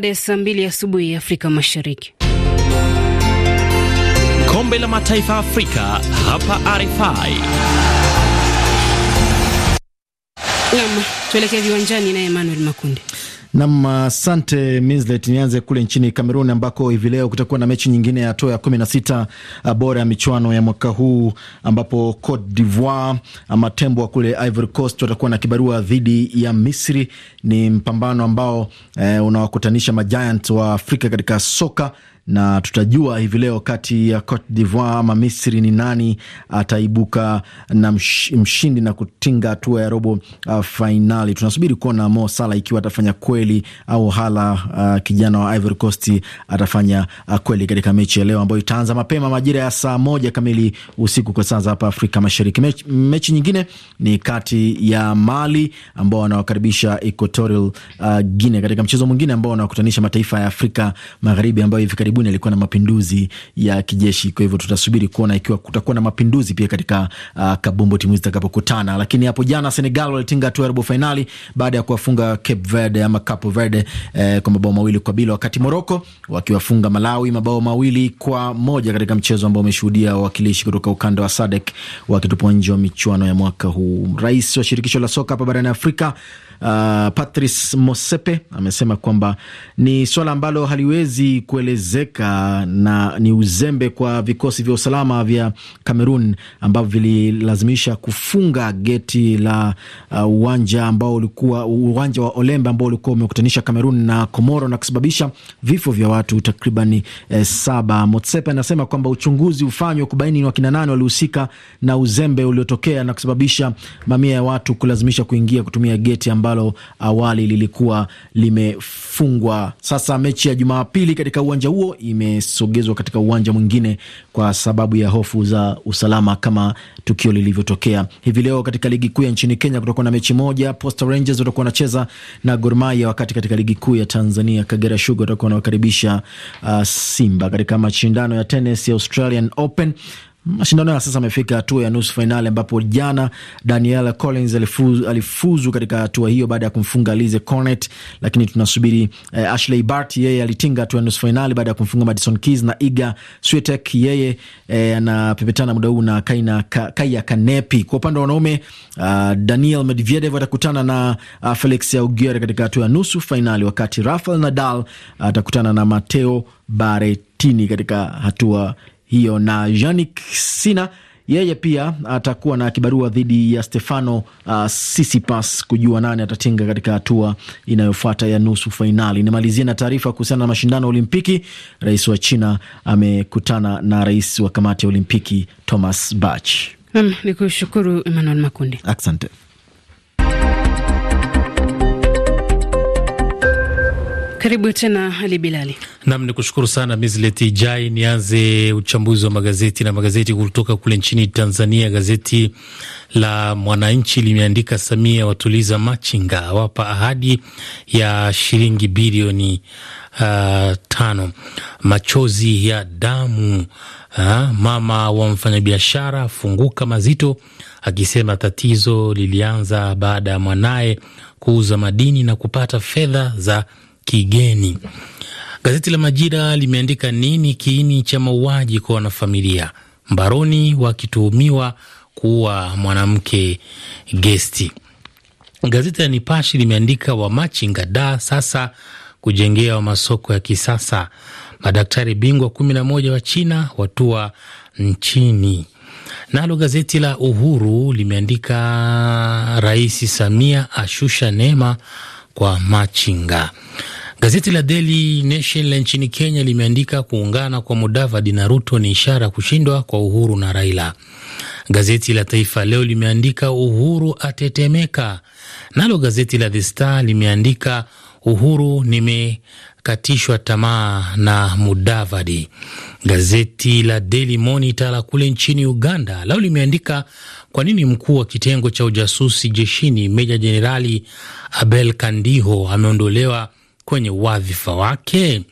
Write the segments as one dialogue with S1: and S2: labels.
S1: baada saa mbili asubuhi ya Afrika Mashariki.
S2: Kombe la Mataifa Afrika hapa RFI.
S1: Naam, tuelekea viwanjani na Emmanuel Makundi.
S3: Nam, asante Minslet. Nianze kule nchini Kamerun ambako hivi leo kutakuwa na mechi nyingine ya hatua ya kumi na sita uh, bora ya michuano ya mwaka huu ambapo Cote d'Ivoire ama uh, tembo wa kule Ivory Coast watakuwa na kibarua dhidi ya Misri. Ni mpambano ambao eh, unawakutanisha majiant wa Afrika katika soka na tutajua hivi leo kati ya Cote d'Ivoire ama Misri ni nani ataibuka na msh, mshindi na kutinga hatua ya robo uh, fainali. Tunasubiri kuona Mo Salah ikiwa atafanya kweli au hala uh, kijana wa Ivory Coast atafanya uh, kweli katika mechi ya leo ambayo itaanza mapema majira ya saa moja kamili usiku kwa saa za hapa Afrika Mashariki. Mechi, mechi nyingine ni kati ya Mali ambao wanawakaribisha Equatorial uh, Guinea katika mchezo mwingine ambao wanawakutanisha mataifa ya Afrika Magharibi ambayo hivi karibuni karibuni alikuwa na mapinduzi ya kijeshi. Kwa hivyo tutasubiri kuona ikiwa kutakuwa na mapinduzi pia katika uh, Kabumbu timu zitakapokutana. Lakini hapo jana Senegal walitinga hatua ya robo fainali baada ya kuwafunga Cape Verde ama Capo Verde eh, kwa mabao mawili kwa bila, wakati Moroko wakiwafunga Malawi mabao mawili kwa moja katika mchezo ambao umeshuhudia wawakilishi kutoka ukanda wa Sadek wakitupwa nje wa michuano ya mwaka huu. Rais wa shirikisho la soka hapa barani Afrika uh, Patrice Mosepe amesema kwamba ni swala ambalo haliwezi kueleze kuongezeka na ni uzembe kwa vikosi vya usalama vya Kamerun ambavyo vililazimisha kufunga geti la uh, uwanja uh, ambao ulikuwa uwanja wa Olembe ambao ulikuwa umekutanisha Kamerun na Komoro na kusababisha vifo vya watu takribani eh, saba. Motsepe anasema kwamba uchunguzi ufanywe kubaini ni wakina nani walihusika na uzembe uliotokea na kusababisha mamia ya watu kulazimisha kuingia kutumia geti ambalo awali lilikuwa limefungwa. Sasa mechi ya Jumapili katika uwanja huo imesogezwa katika uwanja mwingine kwa sababu ya hofu za usalama kama tukio lilivyotokea hivi leo. Katika ligi kuu ya nchini Kenya kutakuwa na mechi moja, Posta Rangers watakuwa wanacheza na Gor Mahia, wakati katika ligi kuu ya Tanzania Kagera Sugar watakuwa wanawakaribisha uh, Simba. Katika mashindano ya tenis ya Australian Open Mashindano ya sasa amefika hatua ya nusu fainali ambapo jana Daniel Collins alifuzu, alifuzu katika hatua hiyo baada ya kumfunga Lize Cornet, lakini tunasubiri eh, Ashley Bart yeye alitinga hatua ya nusu fainali baada ya kumfunga Madison Keys na Iga Swiatek yeye eh, anapepetana muda huu na Kaina, ka, Kaia Kanepi. Kwa upande wa wanaume uh, Daniel Medvedev atakutana na uh, Felix Augier katika hatua ya nusu fainali, wakati Rafael Nadal atakutana uh, na Mateo Baretini katika hatua hiyo. Na Jannik Sina yeye pia atakuwa na kibarua dhidi ya Stefano uh, Sisipas kujua nani atatinga katika hatua inayofuata ya nusu fainali. Nimalizie na taarifa kuhusiana na mashindano ya Olimpiki. Rais wa China amekutana na rais wa kamati ya Olimpiki Thomas Bach.
S1: Ni kushukuru Emmanuel Makundi, asante. Karibu tena Ali Bilali.
S2: Nam ni kushukuru sana Misleti Jai. Nianze uchambuzi wa magazeti na magazeti kutoka kule nchini Tanzania. Gazeti la Mwananchi limeandika Samia watuliza machinga, awapa ahadi ya shilingi bilioni uh, tano. Machozi ya damu uh, mama wa mfanyabiashara funguka mazito akisema tatizo lilianza baada ya mwanaye kuuza madini na kupata fedha za kigeni. Gazeti la Majira limeandika nini kiini cha mauaji kwa wanafamilia mbaroni, wakituhumiwa kuwa mwanamke gesti. Gazeti la Nipashi limeandika wamachinga da sasa wa masoko ya kisasa, madaktari bingwa kumi na moja wa China watua nchini. Nalo gazeti la Uhuru limeandika Rais Samia ashusha neema kwa machinga. Gazeti la Daily Nation la nchini Kenya limeandika kuungana kwa Mudavadi na Ruto ni ishara ya kushindwa kwa Uhuru na Raila. Gazeti la Taifa Leo limeandika Uhuru atetemeka. Nalo gazeti la The Star limeandika Uhuru nimekatishwa tamaa na Mudavadi. Gazeti la Daily Monitor la kule nchini Uganda lao limeandika kwa nini mkuu wa kitengo cha ujasusi jeshini Meja Jenerali Abel Kandiho ameondolewa kwenye wadhifa wake.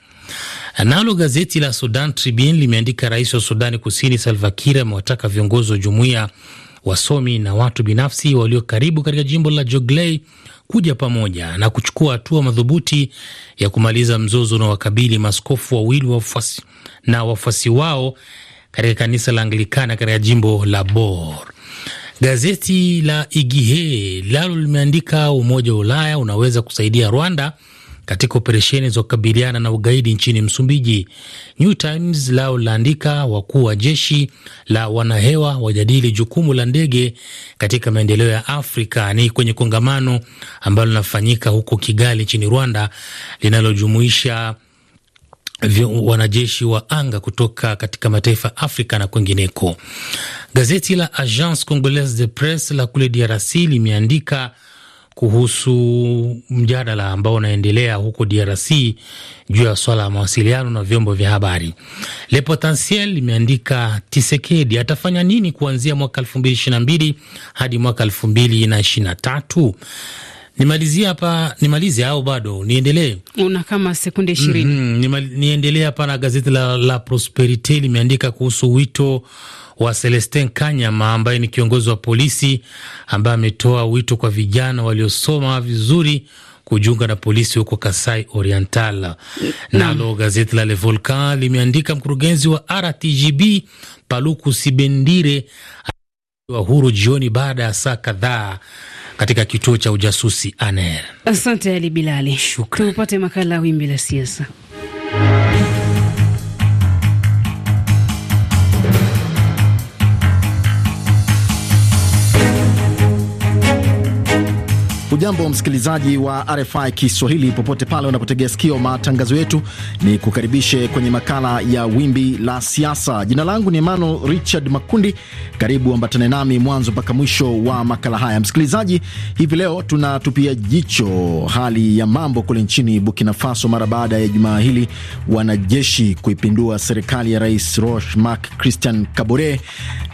S2: Nalo gazeti la Sudan Tribune limeandika rais wa Sudani Kusini Salva Kiir amewataka viongozi wa jumuiya, wasomi na watu binafsi walio karibu katika jimbo la Jonglei kuja pamoja na kuchukua hatua madhubuti ya kumaliza mzozo unaowakabili maskofu wawili wafuasi na wafuasi wao katika kanisa la Anglikana katika jimbo la Bor. Gazeti la Igihe lalo limeandika umoja wa Ulaya unaweza kusaidia Rwanda katika operesheni za kukabiliana na ugaidi nchini Msumbiji. New Times lao laandika wakuu wa jeshi la wanahewa wajadili jukumu la ndege katika maendeleo ya Afrika. Ni kwenye kongamano ambalo linafanyika huko Kigali nchini Rwanda, linalojumuisha wanajeshi wa anga kutoka katika mataifa ya Afrika na kwingineko. Gazeti la Agence Congolaise de Presse la kule DRC limeandika kuhusu mjadala ambao unaendelea huko DRC juu ya swala la mawasiliano na vyombo vya habari. Le Potentiel limeandika Tisekedi atafanya nini kuanzia mwaka elfu mbili ishirini na mbili hadi mwaka elfu mbili na ishirini na tatu. Nimalizie hapa, nimalize au bado niendelee?
S1: Una kama sekunde ishirini.
S2: Mm -hmm. Niendelee hapa na gazeti la, la Prosperite limeandika kuhusu wito wa Celestin Kanyama ambaye ni kiongozi wa polisi ambaye ametoa wito kwa vijana waliosoma vizuri kujiunga na polisi huko Kasai Oriental. Mm-hmm. Nalo gazeti la Le Volcan limeandika mkurugenzi wa RTGB Paluku Sibendire wa huru jioni baada ya saa kadhaa katika kituo cha ujasusi ANR.
S1: Asante Ali Bilali, tupate makala wimbi la siasa.
S3: Ujambo msikilizaji wa RFI Kiswahili popote pale unapotegea sikio matangazo yetu, ni kukaribishe kwenye makala ya wimbi la siasa. Jina langu ni Emmanuel Richard Makundi. Karibu ambatane nami mwanzo mpaka mwisho wa makala haya. Msikilizaji, hivi leo tunatupia jicho hali ya mambo kule nchini Burkina Faso mara baada ya jumaa hili wanajeshi kuipindua serikali ya Rais Roch Marc Christian Kabore.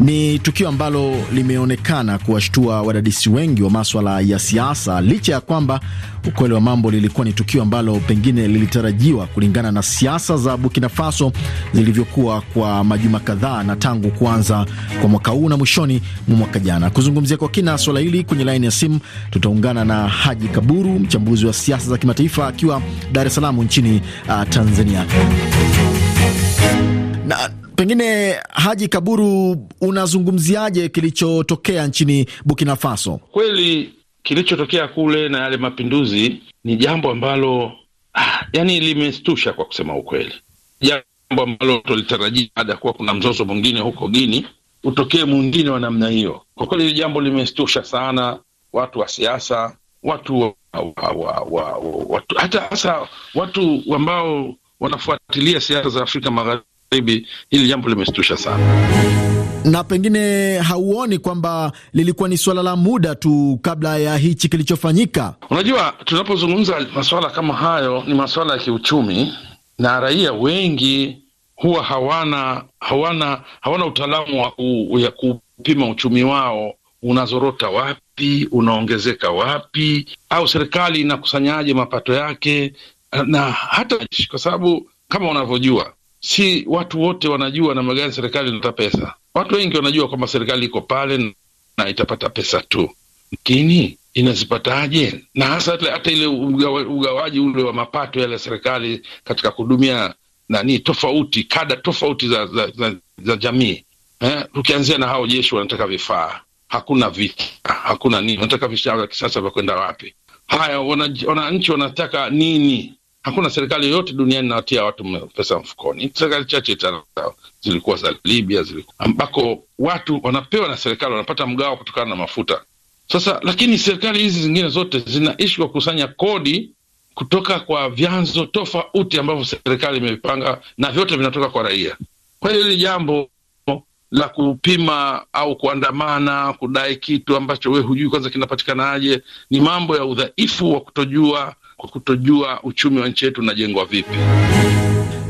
S3: Ni tukio ambalo limeonekana kuwashtua wadadisi wengi wa maswala ya siasa sasa, licha ya kwamba ukweli wa mambo lilikuwa ni tukio ambalo pengine lilitarajiwa kulingana na siasa za Burkina Faso zilivyokuwa kwa majuma kadhaa na tangu kuanza kwa mwaka huu na mwishoni mwa mwaka jana. Kuzungumzia kwa kina swala hili kwenye laini ya simu tutaungana na Haji Kaburu, mchambuzi wa siasa za kimataifa akiwa Dar es Salaam nchini uh, Tanzania na pengine Haji Kaburu, unazungumziaje kilichotokea nchini Burkina Faso?
S4: Kweli kilichotokea kule na yale mapinduzi ni jambo ambalo ah, yani limestusha kwa kusema ukweli, jambo ambalo tulitarajia baada ya kuwa kuna mzozo mwingine huko gini utokee mwingine wa namna hiyo. Kwa kweli hili jambo limestusha sana watu wa siasa, watu wa, wa, wa, wa, watu, hata hasa watu ambao wanafuatilia siasa za Afrika Magharibi. Hili jambo limestusha sana
S3: na pengine hauoni kwamba lilikuwa ni swala la muda tu kabla ya hichi kilichofanyika?
S4: Unajua, tunapozungumza masuala kama hayo ni masuala ya kiuchumi, na raia wengi huwa hawana hawana hawana utaalamu wa ya kupima uchumi wao unazorota wapi, unaongezeka wapi, au serikali inakusanyaje mapato yake na hata kwa sababu kama unavyojua si watu wote wanajua namna gani serikali inata pesa. Watu wengi wanajua kwamba serikali iko pale na itapata pesa tu, lakini inazipataje? Na hasa hata ile ugawaji ule wa mapato yale ya serikali katika kuhudumia nani tofauti, kada tofauti za, za, za, za jamii eh? Tukianzia na hao jeshi wanataka vifaa, hakuna vita, hakuna nini, wanataka vifaa vya kisasa vya kwenda wapi? Haya, wananchi wanataka nini? Hakuna serikali yoyote duniani inawatia watu pesa mfukoni. Serikali chache zilikuwa za Libya, zilikuwa ambako watu wanapewa na serikali, wanapata mgao kutokana na mafuta. Sasa lakini serikali hizi zingine zote zinaishi kwa kukusanya kodi kutoka kwa vyanzo tofauti ambavyo serikali imevipanga na vyote vinatoka kwa raia. Kwa hiyo hili jambo la kupima au kuandamana kudai kitu ambacho we hujui kwanza kinapatikanaje, ni mambo ya udhaifu wa kutojua kwa kutojua uchumi wa nchi yetu unajengwa vipi.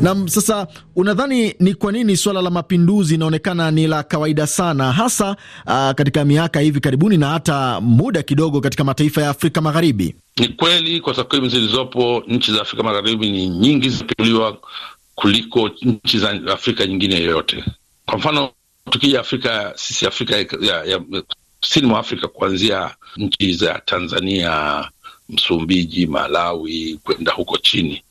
S3: Nam, sasa unadhani ni kwa nini suala la mapinduzi inaonekana ni la kawaida sana hasa aa, ah, katika miaka hivi karibuni na hata muda kidogo katika mataifa ya Afrika Magharibi?
S4: Ni kweli kwa takwimu zilizopo, nchi za Afrika Magharibi ni nyingi zinapinduliwa kuliko nchi za Afrika nyingine yoyote. Kwa mfano tukija Afrika, sisi Afrika ya, ya, kusini mwa Afrika kuanzia nchi za Tanzania, Msumbiji, Malawi, kwenda huko chini,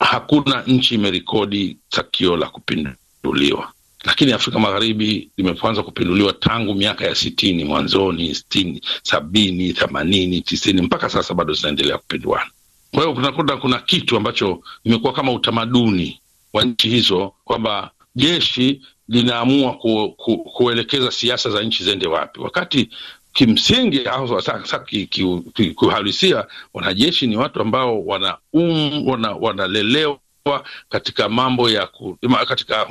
S4: hakuna nchi imerekodi takio la kupinduliwa. Lakini Afrika Magharibi limeanza kupinduliwa tangu miaka ya sitini, mwanzoni sitini, sabini, themanini, tisini, mpaka sasa bado zinaendelea kupinduana. Kwa hiyo kunakuta kuna kitu ambacho imekuwa kama utamaduni wa nchi hizo kwamba jeshi linaamua ku, ku, kuelekeza siasa za nchi ziende wapi, wakati kimsingi au sasa kiuhalisia, wanajeshi ni watu ambao wana um, wana, wanalelewa katika mambo ya ku, katika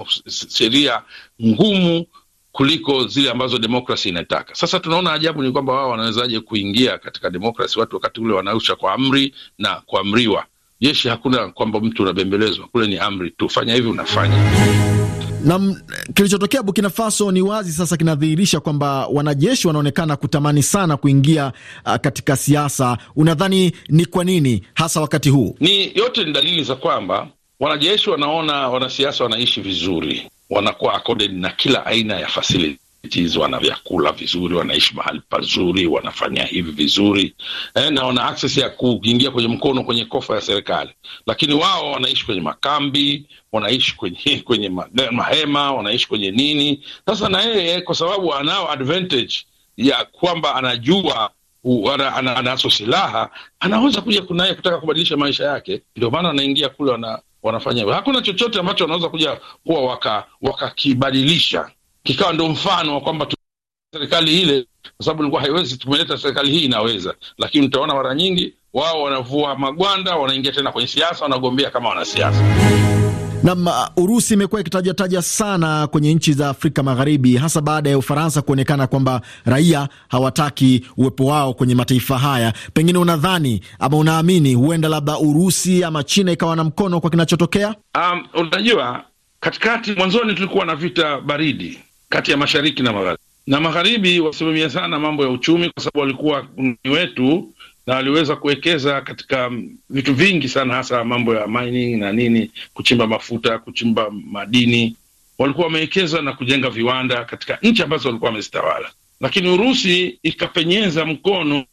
S4: sheria ngumu kuliko zile ambazo demokrasi inataka. Sasa tunaona ajabu ni kwamba wao wanawezaje kuingia katika demokrasi, watu wakati ule wanausha kwa amri na kuamriwa. Jeshi hakuna kwamba mtu unabembelezwa, kule ni amri tu, fanya hivi, unafanya
S3: Nam, kilichotokea Burkina Faso ni wazi sasa kinadhihirisha kwamba wanajeshi wanaonekana kutamani sana kuingia uh, katika siasa. Unadhani ni kwa nini hasa wakati huu?
S4: Ni yote ni dalili za kwamba wanajeshi wanaona wanasiasa wanaishi vizuri, wanakuwa accorded na kila aina ya facility wana vyakula vizuri, wanaishi mahali pazuri, wanafanya hivi vizuri eh, na wana access ya kuingia kwenye mkono kwenye kofa ya serikali, lakini wao wanaishi kwenye makambi, wanaishi kwenye kwenye mahema, wanaishi kwenye nini. Sasa na yeye kwa sababu anao advantage ya kwamba anajua ana, anazo silaha, anaweza kuja kunaye kutaka kubadilisha maisha yake, ndio maana anaingia kule wana, wanafanya hivyo. Hakuna chochote ambacho wanaweza kuja kuwa wakakibadilisha waka kikawa ndo mfano wa kwamba serikali ile, kwa sababu ilikuwa haiwezi, tumeleta serikali hii inaweza. Lakini utaona mara nyingi wao wanavua magwanda, wanaingia tena kwenye siasa, wanagombea kama wanasiasa.
S3: Nam, uh, Urusi imekuwa ikitajataja sana kwenye nchi za Afrika Magharibi, hasa baada ya Ufaransa kuonekana kwamba raia hawataki uwepo wao kwenye mataifa haya. Pengine unadhani ama unaamini huenda labda Urusi ama China ikawa na mkono kwa kinachotokea?
S4: Um, unajua katikati, mwanzoni tulikuwa na vita baridi kati ya mashariki na magharibi, na magharibi wasimamia sana mambo ya uchumi, kwa sababu walikuwa ni wetu na waliweza kuwekeza katika vitu vingi sana, hasa mambo ya mining na nini, kuchimba mafuta, kuchimba madini. Walikuwa wamewekeza na kujenga viwanda katika nchi ambazo walikuwa wamezitawala, lakini Urusi ikapenyeza mkono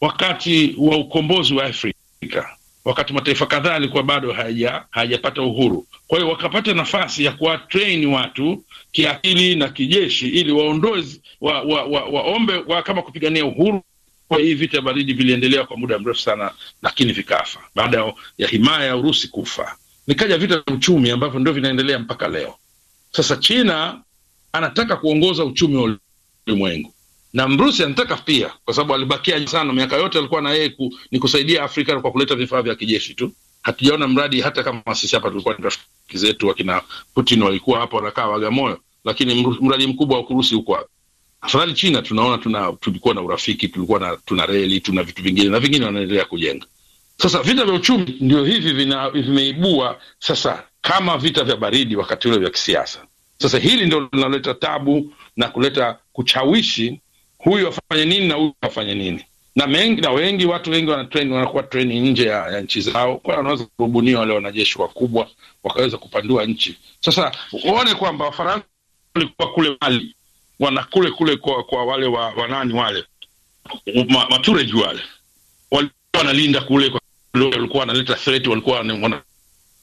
S4: wakati wa ukombozi wa Afrika, wakati mataifa kadhaa yalikuwa bado hayajapata uhuru kwa hiyo wakapata nafasi ya kuwatrain watu kiakili na kijeshi, ili waondoe wa, wa, wa, waombe wa kama kupigania uhuru. Kwa hii vita baridi viliendelea kwa muda mrefu sana, lakini vikafa baada ya himaya ya Urusi kufa. Nikaja vita vya uchumi ambavyo ndio vinaendelea mpaka leo. Sasa China anataka kuongoza uchumi wa ulimwengu na Mrusi anataka pia, kwa sababu alibakia sana miaka yote alikuwa na yeye ku, ni kusaidia Afrika kwa kuleta vifaa vya kijeshi tu hatujaona mradi hata kama sisi hapa tulikuwa ni rafiki zetu wakina Putin walikuwa hapa wanakaa Wagamoyo, lakini mradi mkubwa wa kurusi huko hapa. Afadhali China tunaona tuna, tulikuwa na urafiki tulikuwa na, tuna reli tuna vitu vingine na vingine wanaendelea kujenga. Sasa vita vya uchumi ndio hivi vina, vimeibua sasa kama vita vya baridi wakati ule vya kisiasa. Sasa hili ndio linaleta tabu na kuleta kuchawishi huyu afanye nini na huyu afanye nini na mengi, na wengi watu wengi wana wanakuwa treni nje ya, ya nchi zao, kwa wanaweza kurubuniwa wale wanajeshi wakubwa wakaweza kupandua nchi. Sasa uone kwamba Wafaransa walikuwa kule Mali wana kule kule kwa, kwa wale wa, wanani wale matureji wale walikuwa wanalinda kule, walikuwa wanaleta threat, walikuwa wana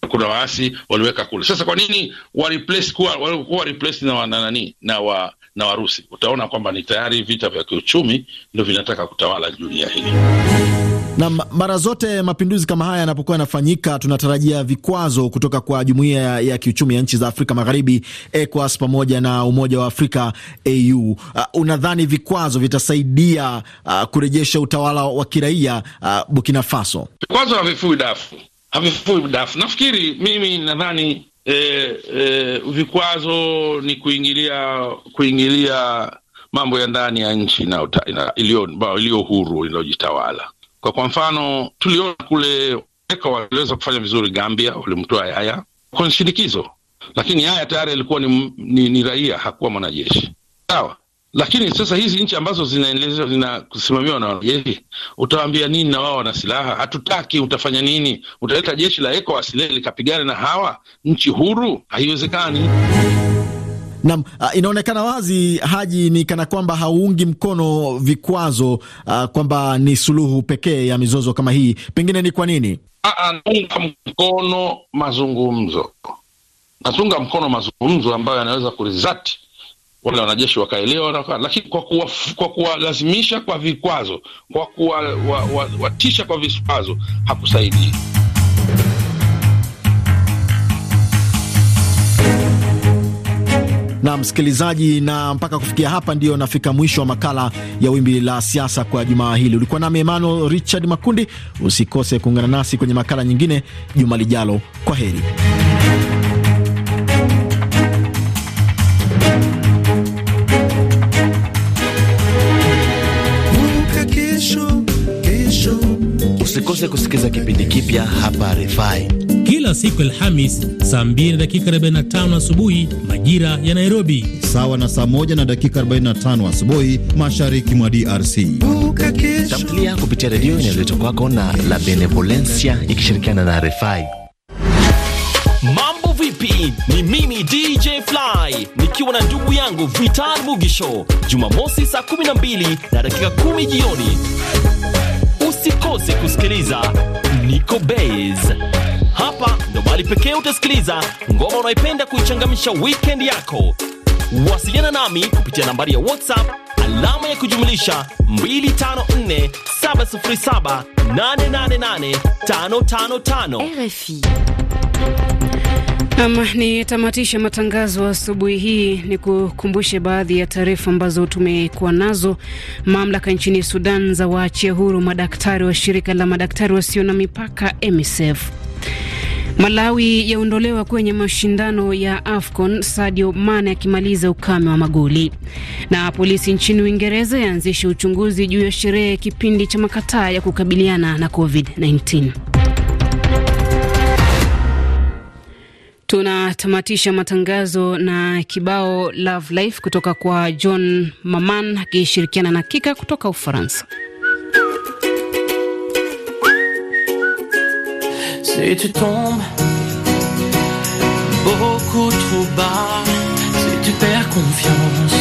S4: kuna waasi waliweka kule. Sasa kwa nini walikuwa replace na nani na wa na Warusi? Utaona kwamba ni tayari vita vya kiuchumi ndio vinataka kutawala dunia hii.
S3: Na mara zote mapinduzi kama haya yanapokuwa yanafanyika, tunatarajia vikwazo kutoka kwa jumuiya ya, ya kiuchumi ya nchi za Afrika Magharibi, ECOWAS pamoja na Umoja wa Afrika AU. Uh, unadhani vikwazo vitasaidia uh, kurejesha utawala wa kiraia uh, Burkina Faso?
S4: Vikwazo havifui dafu havifui dafu. Nafikiri mimi nadhani e, e, vikwazo ni kuingilia kuingilia mambo ya ndani ya nchi iliyo huru iliyojitawala. Kwa kwa mfano tuliona kule waliweza kufanya vizuri Gambia, walimtoa Yaya kwa shinikizo, lakini Yaya tayari alikuwa ni, ni, ni raia, hakuwa mwanajeshi sawa. Lakini sasa hizi nchi ambazo zinaendelezwa zinakusimamiwa na wanajeshi, utawaambia nini? Na wao wana silaha, hatutaki. Utafanya nini? Utaleta jeshi la ECOWAS lile likapigana na hawa nchi huru? Haiwezekani.
S3: Nam, ah, inaonekana wazi Haji, ni kana kwamba hauungi mkono vikwazo uh, kwamba ni suluhu pekee ya mizozo kama hii. Pengine ni kwa nini?
S4: Ah, naunga mkono mazungumzo, natunga mkono mazungumzo ambayo yanaweza kurizati wale wanajeshi wakaelewa na lakini kwa kuwa, kwa kuwalazimisha kwa vikwazo kwa kuwatisha kwa vikwazo hakusaidii.
S3: na msikilizaji, na mpaka kufikia hapa ndiyo nafika mwisho wa makala ya Wimbi la Siasa kwa jumaa hili. Ulikuwa nami Emmanuel Richard Makundi. Usikose kuungana nasi kwenye makala nyingine juma lijalo. Kwa heri. Usikose kusikiza kipindi kipya hapa RFI
S2: kila siku Alhamis saa 2 na dakika 45 asubuhi majira ya Nairobi, sawa na saa
S3: 1 na dakika 45 asubuhi mashariki mwa DRC. Tamthilia kupitia redio inayoletwa kwako na La Benevolencia ikishirikiana na RFI.
S4: Mambo vipi? Ni mimi DJ Fly nikiwa na ndugu yangu
S3: Vital Mugisho, Jumamosi saa 12 na dakika 10 jioni usikose kusikiliza Niko bas Hapa ndo mahali pekee utasikiliza ngoma unaipenda kuichangamsha wikend yako. Wasiliana nami kupitia nambari ya WhatsApp alama ya kujumlisha 254
S1: RFI. Ama ni matangazo asubuhi hii, ni kukumbushe baadhi ya taarifa ambazo tumekuwa nazo. Mamlaka nchini Sudan za waachia huru madaktari wa shirika la madaktari wasio na mipaka MSF. Malawi yaondolewa kwenye mashindano ya AFCON, Sadio Mane akimaliza ukame wa magoli. Na polisi nchini Uingereza yaanzisha uchunguzi juu ya sherehe ya kipindi cha makataa ya kukabiliana na COVID-19. Tunatamatisha matangazo na kibao Love Life kutoka kwa John Maman akishirikiana na Kika kutoka Ufaransa. Si tu tombes
S2: beaucoup trop bas, si tu perds confiance,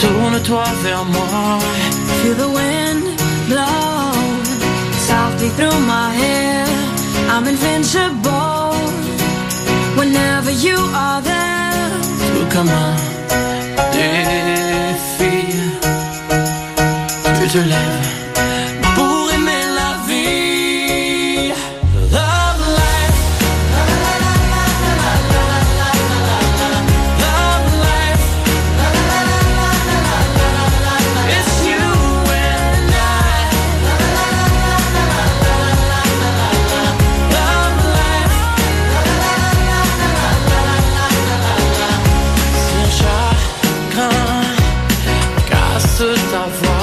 S2: tourne-toi vers moi. Feel
S1: the wind blow softly through my hair, I'm invincible. whenever you are there. to come on,
S4: défier, tu te lèves.
S3: I've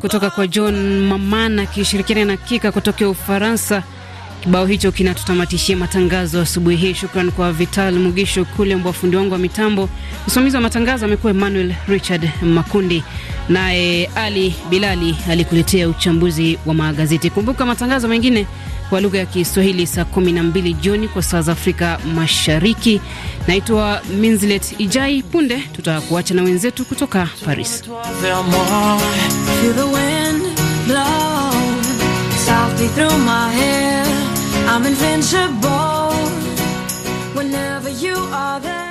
S1: kutoka kwa John Mamana akishirikiana na Kika kutoka Ufaransa. Kibao hicho kinatutamatishia matangazo asubuhi hii. Shukran kwa Vital Mugisho kule ambao fundi wangu wa mitambo. Msimamizi wa matangazo amekuwa Emmanuel Richard Makundi, naye Ali Bilali alikuletea uchambuzi wa magazeti. Kumbuka matangazo mengine kwa lugha ya Kiswahili saa 12 jioni kwa saa za Afrika Mashariki. Naitwa Minzlet Ijai. Punde tutakuacha na wenzetu kutoka Paris. Feel the wind blow softly through my hair. I'm invincible whenever you are there.